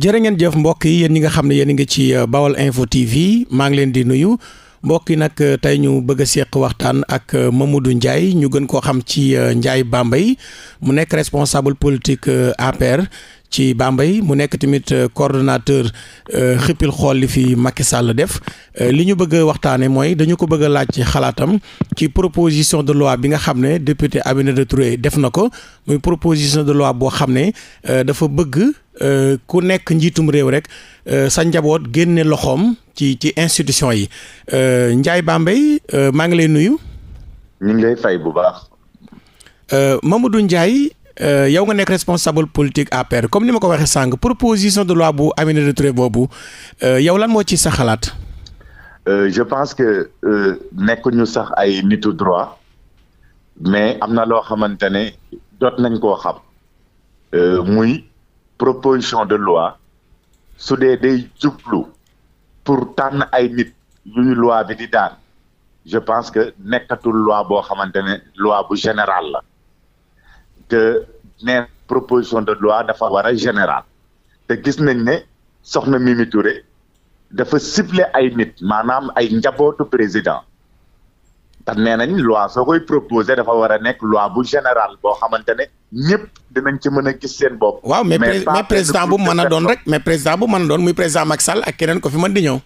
jërë ngeen jëf mbokk yi yéen ñi nga xam ne yéen a ngi ci euh, Bawal Info TV maa ngi leen di nuyu mbokk yi nag euh, tey ñu bëgg a seq waxtaan ak euh, Mamadou Ndiaye ñu gën koo xam ci Ndiaye Bambey mu nekk responsable politique APR. ci Bambey mu nekk tamit euh, coordonnateur euh, xippil xool li fi Macky Sall def euh, li ñu bëgg a waxtaanee mooy dañu ko bëgg a laaj ci xalaatam ci proposition de loi bi nga xam ne député de Touré def na ko muy proposition de loi boo xam ne dafa bëgg ku nekk njiitum réew rek sa njaboot génne loxoom ci ci institution yi Ndiaye Bambey maa ngi lay nuyu. ñu ngi fay bu baax. Mamadou Ndiaye. Euh, yow nga nekk responsable politique à APR comme ni ma ko waxee sànq proposition de loi bu Aminata Touré boobu euh, yow lan moo ci sax xalaat. Euh, je pense que nekkuñu sax ay nitu droit mais am na loo xamante ne nañ koo xam muy proposition de loi su dee day jublu pour tànn ay nit yuy loi bi di daan je pense que nekkatul loi boo xamante ne loi bu générale la. que nee proposition de loi dafa war a général te gis nañ ne soxna Mimi Touré dafa ciblé ay nit maanaam ay njabootu président ndax nee nañ loi soo koy proposé dafa war a nekk loi bu général boo xamante ne ñëpp dinañ ci mën a gis seen bopp. waaw mais mais président bu mën doon rek mais président bu mën doon muy président Macky Sall ak keneen ko fi mën di ñëw.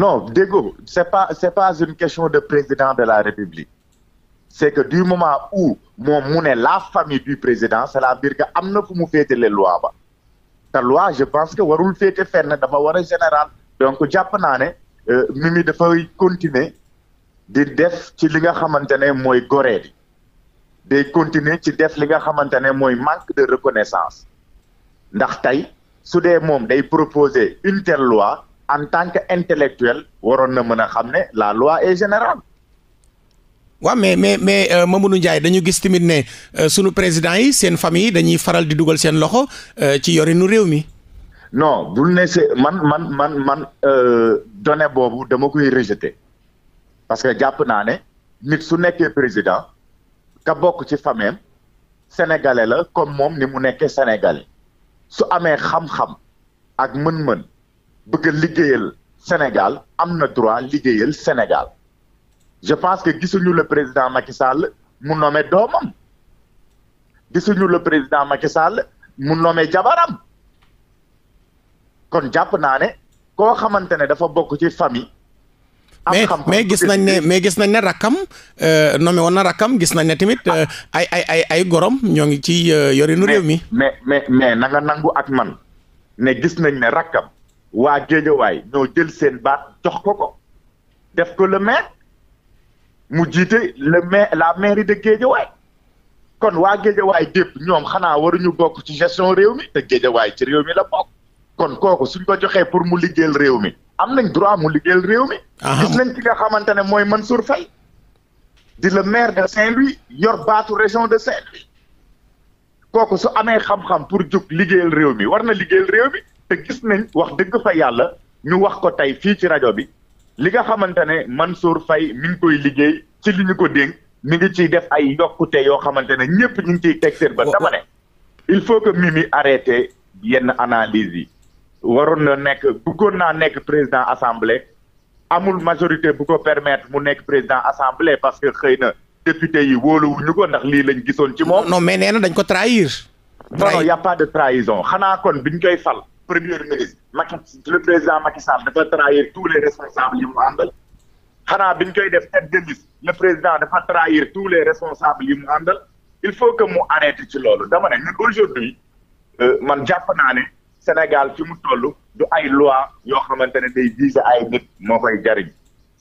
non déggoo c'est pas une question de président de la République. c'est que du moment où moom mu ne la famille du président c'est-à-dire que am na fu mu féetale loi ba te loi je pense que warul féete fenn dafa war a général donc jàpp naa ne euh, Mimi dafay continuer di def ci li nga xamante ne mooy goree di day continuer ci def li nga xamante ne mooy manque de reconnaissance ndax tey su dee moom day proposer une telle loi en tant que intellectuel waroon na mën a xam ne la loi est générale waaw mais mais mais euh, Mamadou Ndiaye dañu gis tamit ne euh, suñu président yi seen famille yi dañuy faral di dugal seen loxo euh, ci yorinu réew mi. non bul ne c'est man man man man donné boobu dama koy rejeté parce que jàpp naa ne nit su nekkee président ka bokk ci fameem sénégalais la comme moom ni mu nekkee sénégalais su amee xam-xam ak mën-mën bëgg a liggéeyal Sénégal am na droit liggéeyal Sénégal. je pense que gisuñu le président Macky Sall mu nommé doomam gisuñu le président Macky Sall mu nommé jabaram kon jàpp naa ne koo xamante ne dafa bokk ci famille. mais mais gis nañ ne mais gis nañ ne rakkam euh, nommé woon na rakkam gis nañ ne tamit euh, ay ay ay ay gorom ñoo ngi ci yori euh, yorinu réew mi. mais mais mais na nga nangu ak man ne gis nañ ne rakkam waa Géejawaay ñoo jël seen baat jox ko ko def ko le maire. mu jiite le maire la mairie de Guédiawaye kon waa Guédiawaye dépp ñoom xanaa waruñu bokk ci gestion réew mi te Guédiawaye ci réew mi la bokk kon kooku suñ ko joxee pour mu liggéeyal réew mi am nañ droit mu liggéeyal réew mi. gis nañ ki nga xamante ne mooy Mansour Faye di la maire de Saint-Louis yor baatu région de Saint-Louis kooku su amee xam-xam pour jóg liggéeyal réew mi war na liggéeyal réew mi te gis nañ wax dëgg fa yàlla ñu wax ko tey fii ci rajo bi. li nga xamante ne Mansour Faye mi ngi koy liggéey ci li ko dénk mi ngi ciy def ay yokkute yoo xamante ne ñëpp ñu ngi ciy teg seen ba dama ne il faut que Mimi arrêté yenn analyse yi waroon na nekk bëggoon naa nekk président assemblée amul majorité bu ko permettre mu nekk président assemblée parce que xëy na député yi ñu ko ndax lii lañ gisoon ci moom. no mais nee na dañ ko trahir. non non y' a pas de trahison xanaa kon biñ koy sal premier ministre Macky le président Macky Sall dafa trahir tous les responsables yi mu àndal xanaa bi koy def tête de liste le président dafa trahir tous les responsables yi mu àndal il faut que mu arrêté ci loolu dama ne ñun aujourd'hui euh, man jàpp naa ne Sénégal fi mu toll du ay loi yoo xamante ne day viser ay nit moo koy jariñ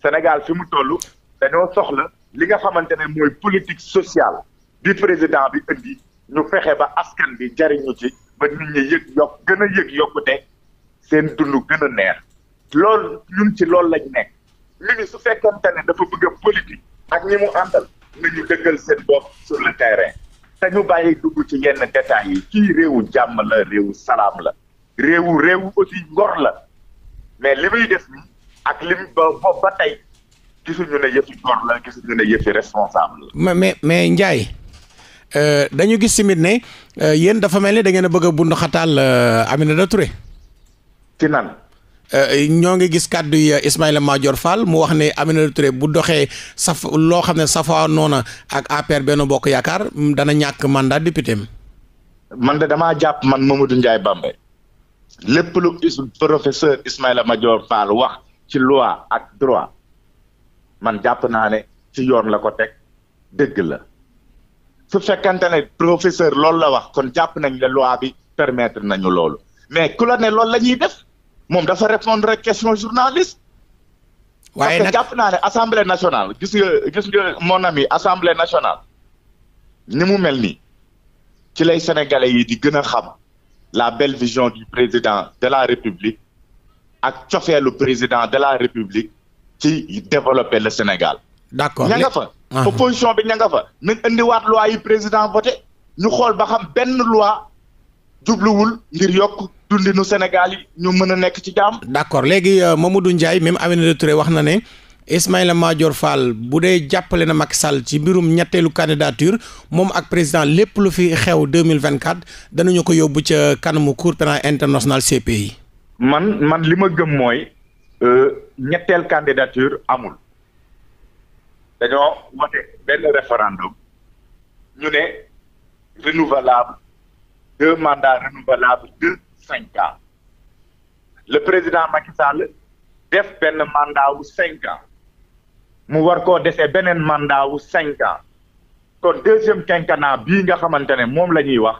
Sénégal fi mu toll dañoo soxla li nga xamante ne mooy politique sociale bi président bi indi ñu fexe ba askan bi jariñu ci ba nit ñi yëg yokk gën a yokku yokkute seen dund gën a neex loolu ñun ci loolu lañ nekk mimi su fekkante ne dafa bëgg a ak ñi mu àndal nañu dëggal seen bopp sur le terrain ñu bàyyi dugg ci yenn détails yi kii réewu jàmm la réewu salaam la réewu réewu aussi ngor la mais li muy def ak li mu ba ba tey gisuñu ne yëfi ngor la gisuñu ne yëfi responsable la mais mais Ndiaye Euh, dañu gis tamit ne euh, yéen dafa mel ni da ngeen a bëgg a bund xataal euh, Aminata Touré. nan. ñoo ngi gis kàddu yi Ismaïla Madior Fall mu wax ne Aminata Touré bu doxee saf loo xam ne safa noona ak APR benn bokk yaakaar mm, dana ñàkk mandat député am. man de damaa jàpp man Mamadou Ndiaye Bambey lépp lu professeur Ismaïla Madior wax ci loi ak droit man jàpp naa ne ci yoon la ko teg dëgg la. su fekkante ne professeur loolu la wax kon jàpp nañ la loi bi permettre nañu loolu mais ku la ne loolu la ñuy def moom dafa répondre rek question journaliste. waaye nag parce que jàpp naa ne assemblée nationale gis nga gis nga mon ami assemblée nationale ni mu mel ni ci lay sénégalais yi di gën a xam la belle vision du président de la république ak cofeelu président de la république ci développer le Sénégal. d'accord ña nga fa opposition bi ña nga fa nañ indiwaat loi yi président voté ñu xool ba xam benn loi jubluwul ngir yokk dundinu Sénégal yi ñu mën a nekk ci jàmm. d'accord léegi euh, Mamadou njaay même Aminata Touré wax na ne Ismaïla Madior Fall bu dee jàppale na mag Sall ci mbirum ñetteelu candidature moom ak président lépp lu fi xew 2024 danañu ko yóbbu ca kanamu cour pénal international CPI. man man li ma gëm mooy euh, ñetteel candidature amul. dañoo woote benn référendum ñu ne renouvelable deux mandats renouvelables de cinq ans le président Macky Sall def benn mandat wu cinq ans mu war koo dese beneen mandat wu cinq ans kon deuxième quinquennat bii nga xamante ne moom la ñuy wax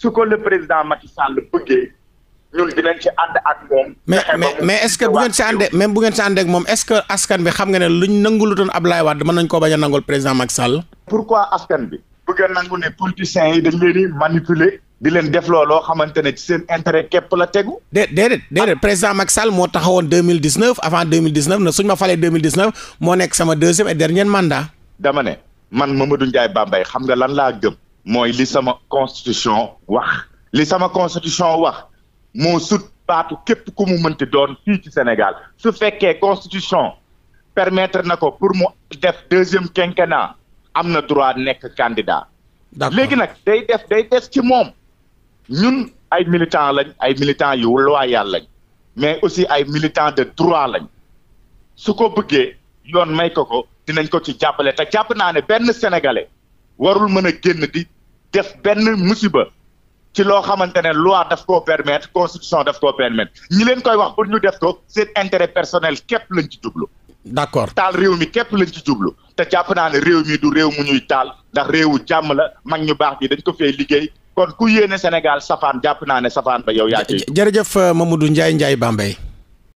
su ko le président Macky Sall bëggee ñun dinañ ci ànd ak moom. bu ngeen si àndee même bu ngeen si àndee ak moom est que askan bi xam nga ne luñ nangu lu doon Ablaye Wade mën nañ koo bañ a nangul président Macky Sall. pourquoi askan bi. bëgg a nangu ne politiciens yi dañ leen di di leen def looloo xamante ne ci seen intérêt képp la tegu. dé déedéet déedéet président Macky Sall moo taxawoon deux mille dix neuf avant deux mille dix neuf na suñ ma falee deux mille dix neuf moo nekk sama deuxième et dernier mandat. dama ne man Mamadou Ndiaye Bambey xam nga lan laa gëm. mooy li sama constitution wax. li sama constitution wax. moo sut baatu képp ku mu mënti doon fii ci Sénégal su fekkee constitution permettre na ko pour mu def deuxième quinquennat am na droit nekk candidat. d'accord léegi nag day def day des ci moom ñun ay militants lañ ay militants yu loyal lañ mais aussi ay militants de droit lañ su ko bëggee yoon may ko ko dinañ ko ci jàppale te jàpp naa ne benn sénégalais warul mën a génn di def benn musiba. ci loo xamante ne loi daf koo permettre constitution daf koo permettre ñi leen koy wax pour ñu def ko seen intérêt personnel képp lañ ci jublu. d'accord taal réew mi képp lañ ci jublu te jàpp naa ne réew mi du réew mu ñuy taal ndax réewu jàmm la mag ñu baax bi dañ ko fee liggéey kon ku yéene Sénégal safaan jàpp naa ne safaan ba yow. yaa jërëjëf Mamadou Ndiaye Ndiaye Bambey.